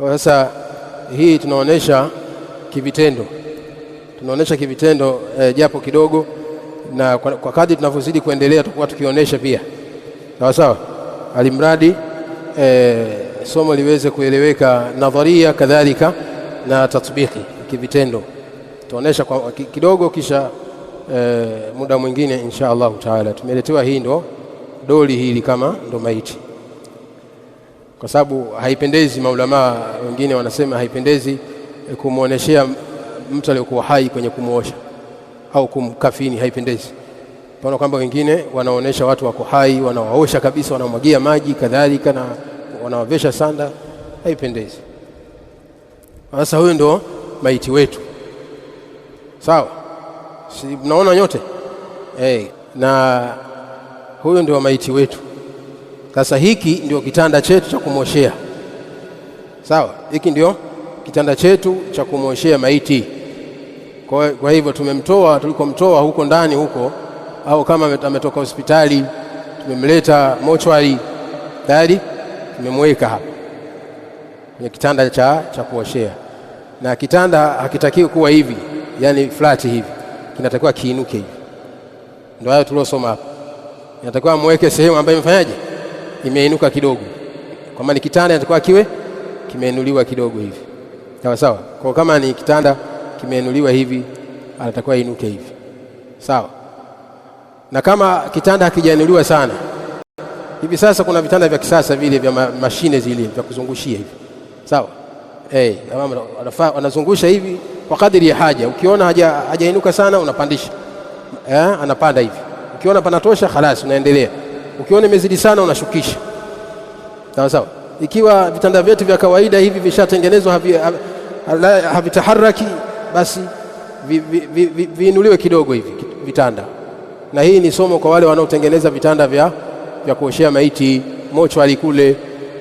Kwa sasa hii tunaonesha kivitendo, tunaonesha kivitendo e, japo kidogo, na kwa, kwa kadri tunavyozidi kuendelea tutakuwa tukionyesha pia sawa sawa, alimradi e, somo liweze kueleweka nadharia kadhalika na tatbiki kivitendo, tunaonesha kwa kidogo, kisha e, muda mwingine insha Allahu taala. Tumeletewa hii ndo doli hili kama ndo maiti kwa sababu haipendezi. Maulamaa wengine wanasema haipendezi kumuoneshea mtu aliyokuwa hai kwenye kumwosha au kumkafini, haipendezi. pano kwamba wengine wanaonesha watu wako hai, wanawaosha kabisa, wanamwagia maji kadhalika, na wanawavesha sanda, haipendezi. Sasa huyo ndo maiti wetu, sawa? Si mnaona nyote hey? Eh, na huyo ndio maiti wetu sasa hiki ndio kitanda chetu cha kumoshea sawa. Hiki ndio kitanda chetu cha kumwoshea maiti. Kwa, kwa hivyo tumemtoa tulikomtoa huko ndani huko, au kama ametoka hospitali tumemleta mochwari tayari, tumemweka hapa kwenye kitanda cha, cha kuoshea. Na kitanda hakitakiwi kuwa hivi, yani flat hivi, kinatakiwa kiinuke hivi. Ndio hayo tuliosoma hapa, inatakiwa mweke sehemu ambayo imefanyaje imeinuka kidogo, kwa maana kitanda inatakiwa kiwe kimeinuliwa kidogo hivi, sawa sawa. Kwa kama ni kitanda kimeinuliwa hivi, anatakiwa inuke hivi, sawa. Na kama kitanda hakijainuliwa sana, hivi sasa kuna vitanda vya kisasa vile vya mashine zile vya kuzungushia hivi, sawa. Hey, eh, wanazungusha hivi kwa kadiri ya haja. Ukiona hajainuka sana, unapandisha eh, anapanda hivi. Ukiona panatosha, khalas, unaendelea. Ukiona imezidi sana unashukisha. Sawa sawa. Ikiwa vitanda vyetu vya kawaida hivi vishatengenezwa havitaharaki havi, basi viinuliwe vi, vi, vi, kidogo hivi vitanda. Na hii ni somo kwa wale wanaotengeneza vitanda vya, vya kuoshea maiti mochwali kule.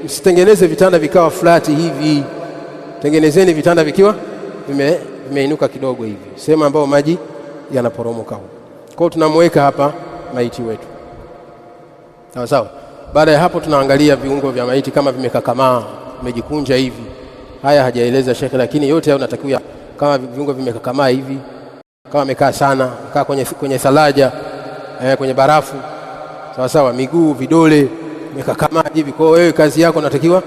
Msitengeneze vitanda vikawa flati hivi, tengenezeni vitanda vikiwa vime kidogo hivi, sehemu ambayo maji yanaporomoka huko. kwao tunamweka hapa maiti wetu sawa sawa. Baada ya hapo, tunaangalia viungo vya maiti kama vimekakamaa, vimejikunja hivi. Haya hajaeleza shekhe, lakini yote hayo natakiwa, kama viungo vimekakamaa hivi, kama amekaa sana, kaa kwenye, kwenye thalaja eh, kwenye barafu sawa sawa, miguu, vidole vimekakamaa hivi. Kwa hiyo wewe kazi yako natakiwa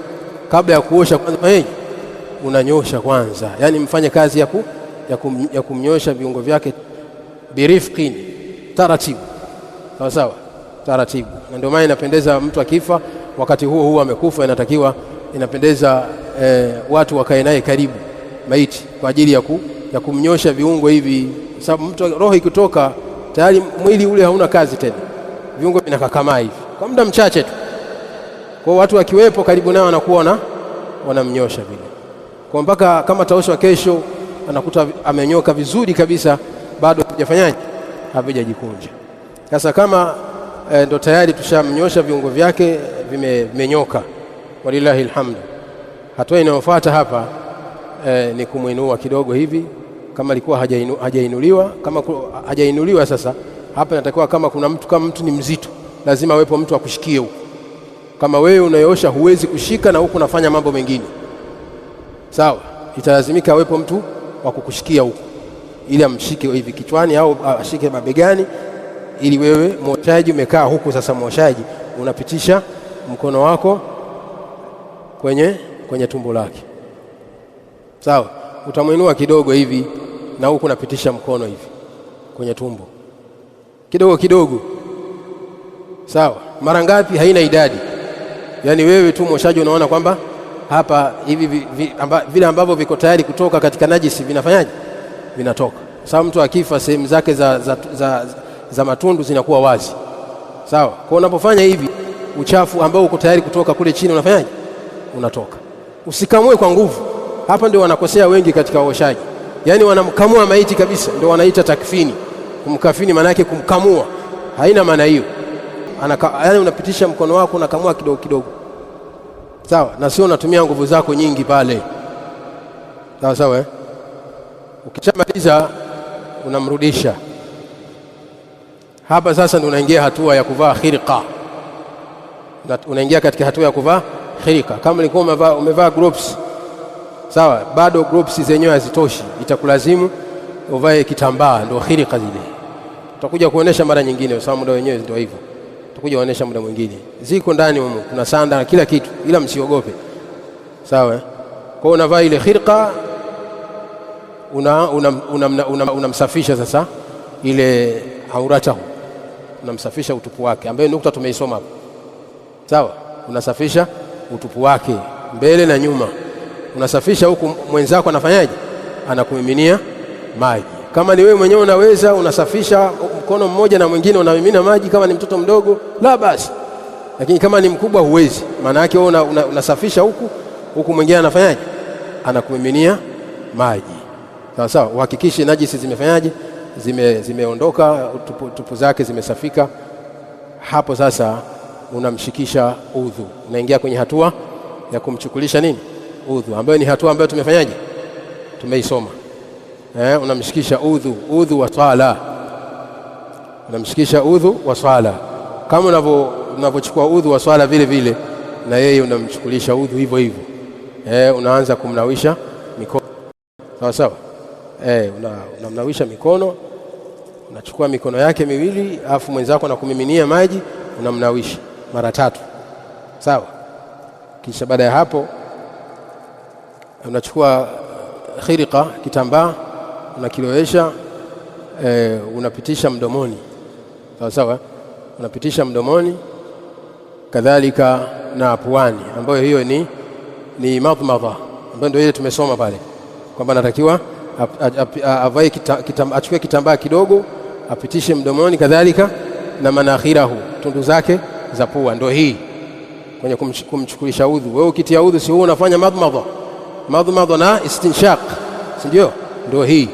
kabla ya kuosha kwanza, hey, unanyosha kwanza, yaani mfanye kazi ya, ku, ya, kum, ya kumnyosha viungo vyake birifqin taratibu, sawa sawa taratibu, na ndio maana inapendeza mtu akifa wakati huo huo amekufa, inatakiwa inapendeza e, watu wakae naye karibu maiti kwa ajili ya, ku, ya kumnyosha viungo hivi, sababu mtu roho ikitoka tayari mwili ule hauna kazi tena, viungo vinakakamaa hivi kwa muda mchache tu. Kwa watu wakiwepo karibu nao wanakuona wanamnyosha vile, kwa mpaka kama taoshwa kesho anakuta amenyoka vizuri kabisa, bado hajafanyaje, havijajikunja. Sasa kama e, ndo tayari tushamnyosha viungo vyake vimenyoka, walillahi lhamdu Hatua inayofuata hapa e, ni kumwinua kidogo hivi, kama alikuwa hajainu, hajainuliwa kama hajainuliwa. Sasa hapa inatakiwa kama kuna mtu, kama mtu ni mzito, lazima awepo mtu akushikie huko. Kama wewe unayosha huwezi kushika na huku unafanya mambo mengine, sawa, italazimika awepo mtu wa kukushikia huko, ili amshike hivi kichwani au ashike mabegani ili wewe mwoshaji umekaa huku sasa, mwoshaji unapitisha mkono wako kwenye, kwenye tumbo lake, sawa. Utamwinua kidogo hivi na huku unapitisha mkono hivi kwenye tumbo kidogo kidogo, sawa. Mara ngapi? Haina idadi, yaani wewe tu mwoshaji unaona kwamba hapa hivi vile ambavyo viko tayari kutoka katika najisi vinafanyaje? Vinatoka. Sawa, mtu akifa sehemu zake za, za, za, za matundu zinakuwa wazi, sawa. Kwa unapofanya hivi, uchafu ambao uko tayari kutoka kule chini unafanyaje? Unatoka. Usikamue kwa nguvu. Hapa ndio wanakosea wengi katika uoshaji yaani wanamkamua maiti kabisa, ndio wanaita takfini. Kumkafini maana yake kumkamua, haina maana hiyo. yani unapitisha mkono wako unakamua kidogo kidogo, sawa, na sio unatumia nguvu zako nyingi pale, sawa sawa eh? Ukishamaliza unamrudisha. Hapa sasa ndio unaingia hatua ya kuvaa khirqa, unaingia katika hatua ya kuvaa khirqa. Kama ulikuwa umevaa, umevaa gloves sawa, bado gloves zenyewe hazitoshi, itakulazimu uvae kitambaa, ndio khirqa zile. Tutakuja kuonesha mara nyingine, kwa sababu muda wenyewe ndio hivyo. Tutakuja kuonesha muda mwingine, ziko ndani humu kuna sanda na kila kitu, ila msiogope, sawa. Eh? Kwa hiyo unavaa ile khirqa, unamsafisha una, una, una, una, una sasa ile auratahu unamsafisha utupu wake, ambayo nukta tumeisoma hapo. Sawa, unasafisha utupu wake mbele na nyuma, unasafisha huku, mwenzako anafanyaje? Anakumiminia maji. Kama ni wewe mwenyewe unaweza, unasafisha mkono mmoja na mwingine unamimina maji, kama ni mtoto mdogo la basi, lakini kama ni mkubwa huwezi. Maana yake wewe una, una, unasafisha huku huku, mwingine anafanyaje? Anakumiminia maji. Sawa sawa, uhakikishe najisi zimefanyaje zime, zimeondoka tupu, tupu zake zimesafika. Hapo sasa unamshikisha udhu, unaingia kwenye hatua ya kumchukulisha nini udhu, ambayo ni hatua ambayo tumefanyaje tumeisoma. Eh, unamshikisha udhu, udhu wa swala, unamshikisha udhu wa swala kama unavyochukua udhu wa swala vile vile, na yeye unamchukulisha udhu hivyo hivyo. Eh, unaanza kumnawisha mikono sawa sawa eh, unamnawisha una mikono, unachukua mikono yake miwili, alafu mwenzako anakumiminia maji, unamnawisha mara tatu, sawa. Kisha baada ya hapo unachukua eh, khirika, kitambaa unakilowesha, eh, unapitisha mdomoni, sawa sawa, eh? unapitisha mdomoni, kadhalika na puani, ambayo hiyo ni, ni madhmadha ambayo ndio ile tumesoma pale kwamba anatakiwa avae achukue kitambaa kidogo apitishe mdomoni, kadhalika na manakhirahu, tundu zake za pua. Ndio hii kwenye kumchukulisha udhu. Wewe ukitia udhu, si wewe unafanya madhmadha madhmadha na istinshaq, si ndio? Ndio hii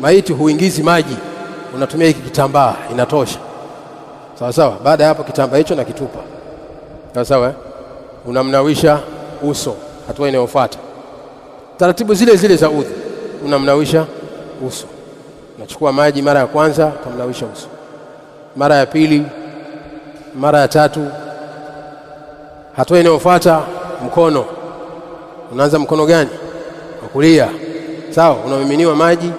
maiti huingizi maji, unatumia hiki kitambaa, inatosha sawa sawa. Baada ya hapo, kitambaa hicho na kitupa sawa sawa, eh? unamnawisha uso, hatua inayofuata taratibu zile zile za udhu unamnawisha uso. Unachukua maji mara ya kwanza kumnawisha uso, mara ya pili, mara ya tatu. Hatua inayofuata mkono. Unaanza mkono gani? Wa kulia, sawa. Unamiminiwa maji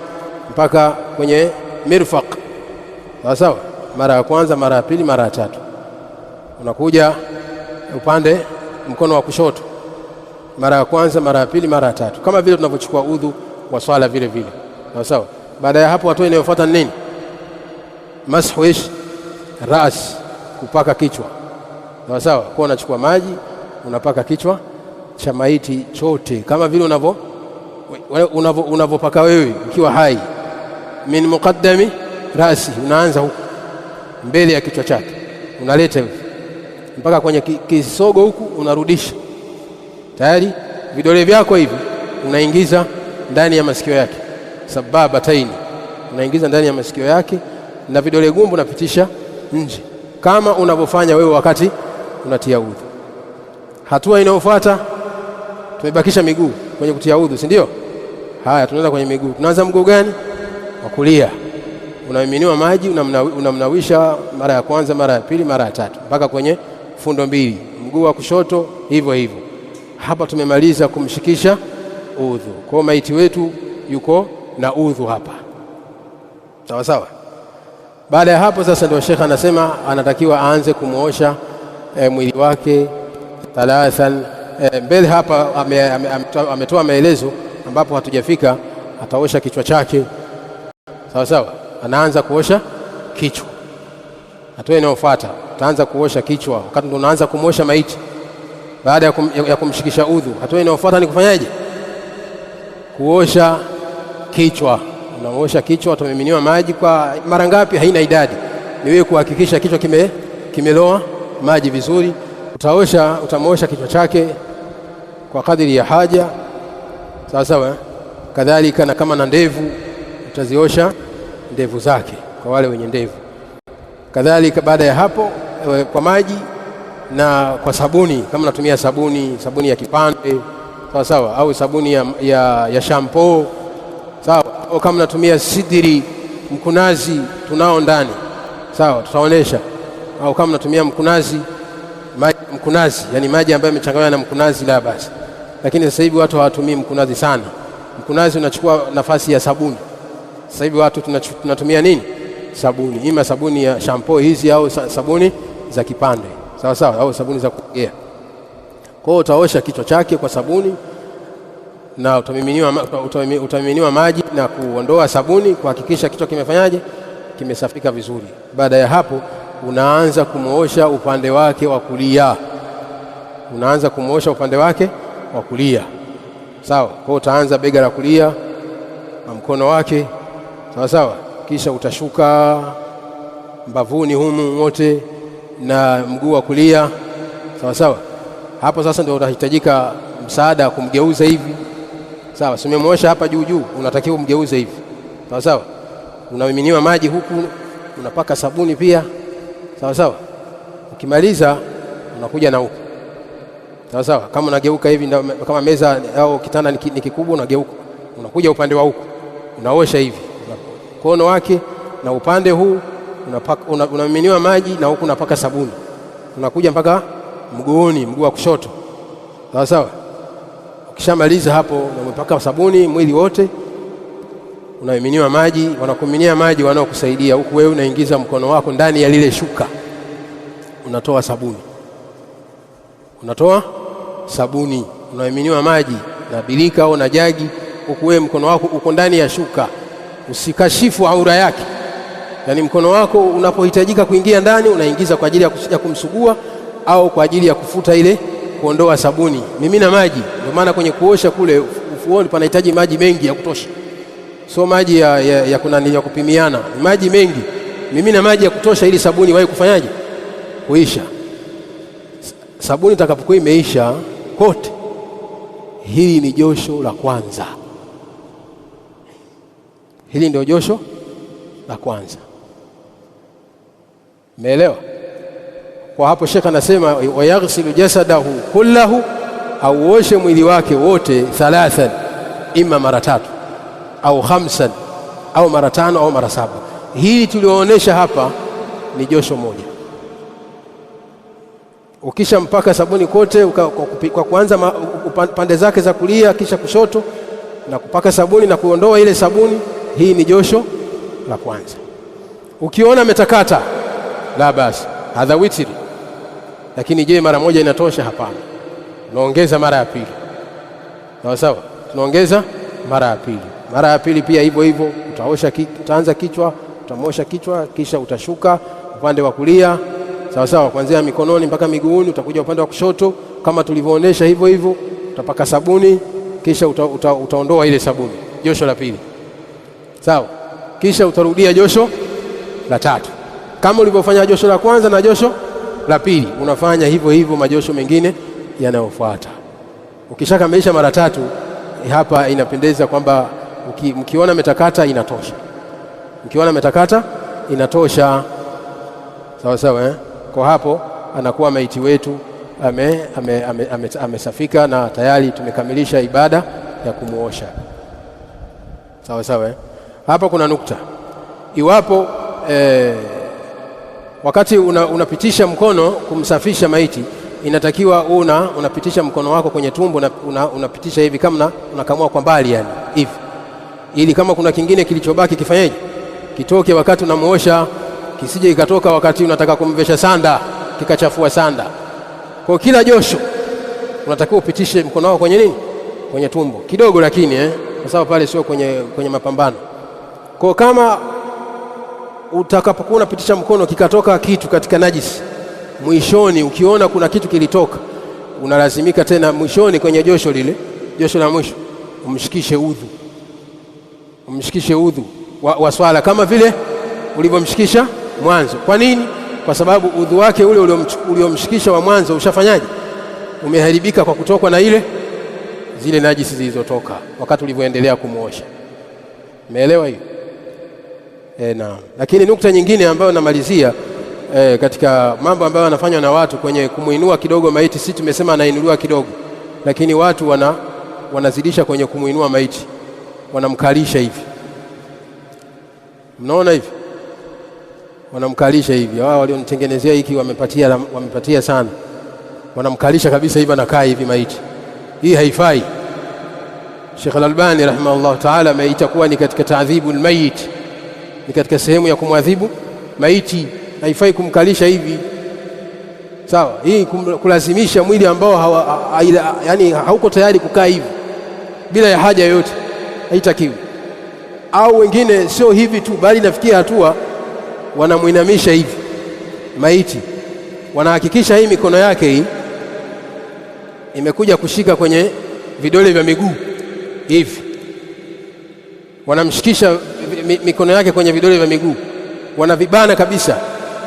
mpaka kwenye mirfaq, sawa sawa, mara ya kwanza, mara ya pili, mara ya tatu. Unakuja upande mkono wa kushoto, mara ya kwanza, mara ya pili, mara ya tatu, kama vile tunavyochukua udhu wa swala vile vile, sawa sawa. Baada ya hapo, hatua inayofuata nini? mashwish ras, kupaka kichwa, sawa sawa. Kwa unachukua maji unapaka kichwa cha maiti chote, kama vile unavyo unavyopaka wewe ukiwa hai. Min muqaddami rasi, unaanza huku mbele ya kichwa chake, unaleta mpaka kwenye kisogo huku, unarudisha tayari. Vidole vyako hivi unaingiza ndani ya masikio yake, sababataini, unaingiza ndani ya masikio yake na vidole gumbu unapitisha nje, kama unavyofanya wewe wakati unatia udhu. Hatua inayofuata tumebakisha miguu kwenye kutia udhu, si ndio? Haya, tunaanza kwenye miguu. Tunaanza mguu gani? Wa kulia. Unamiminiwa maji, unamnawisha mara ya kwanza, mara ya pili, mara ya tatu, mpaka kwenye fundo mbili. Mguu wa kushoto hivyo hivyo. Hapa tumemaliza kumshikisha udhu. Kwa maiti wetu yuko na udhu hapa, sawa sawa. Baada ya hapo sasa, ndio shekhe anasema anatakiwa aanze kumwosha e, eh, mwili wake thalathan. E, mbele hapa ametoa ame, ame, ame maelezo ambapo hatujafika, ataosha kichwa chake, sawa sawa. Anaanza kuosha kichwa, hatua inayofuata utaanza kuosha kichwa, wakati ndo unaanza kumwosha maiti baada ya, kum, ya, ya kumshikisha udhu. Hatua inayofuata ni kufanyaje? kuosha kichwa. Unaosha kichwa, utamiminiwa maji kwa mara ngapi? Haina idadi, ni wewe kuhakikisha kichwa kime kimeloa maji vizuri. Utaosha, utamwosha kichwa chake kwa kadiri ya haja, sawa sawa. Eh? Kadhalika na kama na ndevu, utaziosha ndevu zake, kwa wale wenye ndevu. Kadhalika baada ya hapo, eh, kwa maji na kwa sabuni, kama natumia sabuni, sabuni ya kipande sawa sawa, au sabuni ya, ya, ya shampoo sawa, au kama natumia sidiri mkunazi tunao ndani sawa, tutaonesha au kama natumia mkunazi maji mkunazi, yani maji ambayo yamechanganywa na mkunazi, la basi. Lakini sasa hivi watu hawatumii mkunazi sana, mkunazi unachukua nafasi ya sabuni. Sasa hivi watu tunatumia nini? Sabuni, ima sabuni ya shampoo hizi au sabuni za kipande sawa sawa, au sabuni za kuogea. Kwa hiyo utaosha kichwa chake kwa sabuni na utamiminiwa, utamiminiwa maji na kuondoa sabuni kuhakikisha kichwa kimefanyaje, kimesafika vizuri. Baada ya hapo, unaanza kumwosha upande wake wa kulia, unaanza kumwosha upande wake wa kulia. Sawa. Kwa hiyo utaanza bega la kulia na mkono wake, sawa sawa, kisha utashuka mbavuni humu wote na mguu wa kulia, sawa sawa hapo sasa ndio unahitajika msaada kumgeuza hivi, sawa. Simemwosha hapa juu juu, unatakiwa umgeuze hivi, sawa sawa. Unamiminiwa maji huku, unapaka sabuni pia, sawa sawa. Ukimaliza unakuja na huku, sawa sawa. Kama unageuka hivi, kama meza au kitanda ni kikubwa, unageuka unakuja upande wa huku, unaosha hivi mkono wake na upande huu unamiminiwa una maji na huku unapaka sabuni, unakuja mpaka mguuni, mguu wa kushoto, sawa sawa. Ukishamaliza hapo, umepaka sabuni mwili wote, unaiminiwa maji, wanakuminia maji wanaokusaidia huku, wewe unaingiza mkono wako ndani ya lile shuka, unatoa sabuni, unatoa sabuni, unaiminiwa maji na birika au na jagi, huku wewe mkono wako uko ndani ya shuka. Usikashifu aura yake, yaani mkono wako unapohitajika kuingia ndani unaingiza kwa ajili ya kumsugua au kwa ajili ya kufuta ile kuondoa sabuni, mimi na maji. Ndio maana kwenye kuosha kule ufuoni panahitaji maji mengi ya kutosha, so maji ya, ya, ya, kuna, ya kupimiana, maji mengi. mimi na maji ya kutosha ili sabuni wae kufanyaje kuisha. Sabuni itakapokuwa imeisha kote, hili ni josho la kwanza. Hili ndio josho la kwanza. meelewa kwa hapo shekha anasema wayaghsilu jasadahu kullahu, auoshe mwili wake wote thalathan, ima mara tatu au khamsan au mara tano au mara saba. Hii tulioonesha hapa ni josho moja. Ukisha mpaka sabuni kote kwa kuanza pande zake za kulia kisha kushoto na kupaka sabuni na kuondoa ile sabuni, hii ni josho la kwanza. Ukiona umetakata la basi hadha witiri lakini je, mara moja inatosha? Hapana, tunaongeza mara ya pili. Sawa sawa, tunaongeza mara ya pili. Mara ya pili pia hivyo hivyo, utaosha utaanza kichwa, utamosha kichwa, kisha utashuka upande wa kulia, sawa sawa, kuanzia mikononi mpaka miguuni, utakuja upande wa kushoto kama tulivyoonesha, hivyo hivyo utapaka sabuni, kisha uta, uta, utaondoa ile sabuni, josho la pili, sawa, kisha utarudia josho la tatu kama ulivyofanya josho la kwanza na josho la pili unafanya hivyo hivyo majosho mengine yanayofuata. Ukishakamilisha mara tatu, eh, hapa inapendeza kwamba mkiona metakata inatosha, mkiona metakata inatosha. Sawa sawa, eh? Kwa hapo anakuwa maiti wetu amesafika, ame, ame, ame, ame na tayari tumekamilisha ibada ya kumuosha. Sawa sawa, eh? Hapa kuna nukta, iwapo eh, Wakati una, unapitisha mkono kumsafisha maiti inatakiwa una, unapitisha mkono wako kwenye tumbo una, una, unapitisha hivi kama unakamua kwa mbali yani hivi, ili kama kuna kingine kilichobaki kifanyeje, kitoke wakati unamuosha, kisije ikatoka wakati unataka kumvesha sanda kikachafua sanda. Kwa kila josho unatakiwa upitishe mkono wako kwenye nini, kwenye tumbo kidogo, lakini eh, kwa sababu pale sio kwenye, kwenye mapambano kwa kama utakapokuwa unapitisha mkono kikatoka kitu katika najisi, mwishoni ukiona kuna kitu kilitoka, unalazimika tena mwishoni kwenye josho lile, josho la mwisho umshikishe udhu, umshikishe udhu wa, wa swala kama vile ulivyomshikisha mwanzo. Kwa nini? Kwa sababu udhu wake ule uliomshikisha wa mwanzo ushafanyaje? Umeharibika kwa kutokwa na ile zile najisi zilizotoka wakati ulivyoendelea kumwosha. Umeelewa hiyo? E, na lakini nukta nyingine ambayo namalizia e, katika mambo ambayo yanafanywa na watu kwenye kumuinua kidogo maiti, si tumesema anainuliwa kidogo, lakini watu wana, wanazidisha kwenye kumuinua maiti, wanamkalisha hivi, mnaona hivi, wanamkalisha hivi. Wao walionitengenezea hiki wamepatia, wamepatia sana, wanamkalisha kabisa hivi, anakaa hivi maiti. Hii haifai. Sheikh Al-Albani rahimahullah taala ameita kuwa ni katika taadhibu lmayiti ni katika sehemu ya kumwadhibu maiti, haifai kumkalisha hivi sawa. Hii kulazimisha mwili ambao hawa, ha, ha, yani hauko tayari kukaa hivi bila ya haja yoyote, haitakiwi. Au wengine sio hivi tu, bali nafikia hatua wanamwinamisha hivi maiti, wanahakikisha hii mikono yake hii imekuja kushika kwenye vidole vya miguu hivi, wanamshikisha mikono yake kwenye vidole vya miguu, wanavibana kabisa,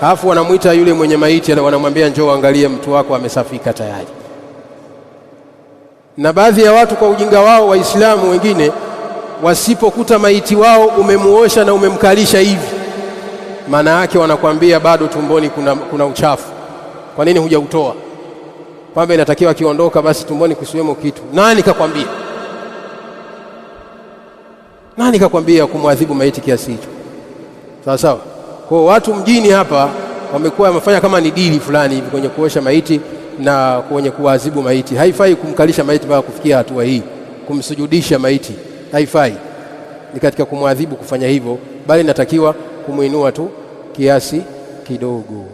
alafu wanamwita yule mwenye maiti, wanamwambia njoo angalie, mtu wako amesafika tayari. Na baadhi ya watu kwa ujinga wao, Waislamu wengine wasipokuta maiti wao umemuosha na umemkalisha hivi, maana yake wanakwambia bado tumboni kuna, kuna uchafu. Kwa nini hujautoa? Kwamba inatakiwa akiondoka basi tumboni kusiwemo kitu. Nani kakwambia? Nani kakwambia kumwadhibu maiti kiasi hicho? Sawa sawa. Kwa watu mjini hapa wamekuwa wamefanya kama ni dili fulani hivi kwenye kuosha maiti na kwenye kuwadhibu maiti. Haifai kumkalisha maiti mpaka kufikia hatua hii, kumsujudisha maiti haifai, ni katika kumwadhibu kufanya hivyo, bali natakiwa kumwinua tu kiasi kidogo.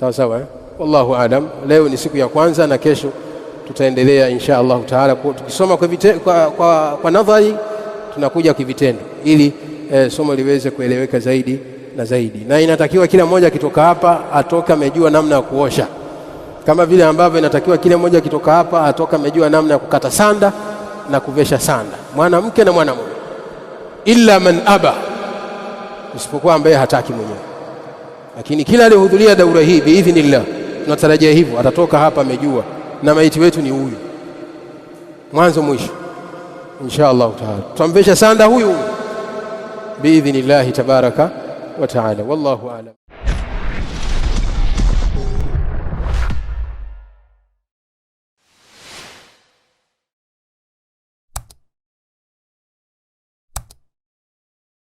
Sawa sawa eh? Wallahu alam. Leo ni siku ya kwanza na kesho tutaendelea insha Allahu taala tukisoma kwa, kwa, kwa, kwa nadhari tunakuja kivitendo ili e, somo liweze kueleweka zaidi na zaidi, na inatakiwa kila mmoja akitoka hapa atoka amejua namna ya kuosha, kama vile ambavyo inatakiwa kila mmoja akitoka hapa atoka amejua namna ya kukata sanda na kuvesha sanda, mwanamke na mwanamume, illa man aba, isipokuwa ambaye hataki mwenyewe. Lakini kila aliyehudhuria daura hii biidhnillah, tunatarajia hivyo atatoka hapa amejua, na maiti wetu ni huyu mwanzo mwisho. ان شاء الله تعالى تمبشه ساندا huyu باذن الله تبارك وتعالى والله اعلم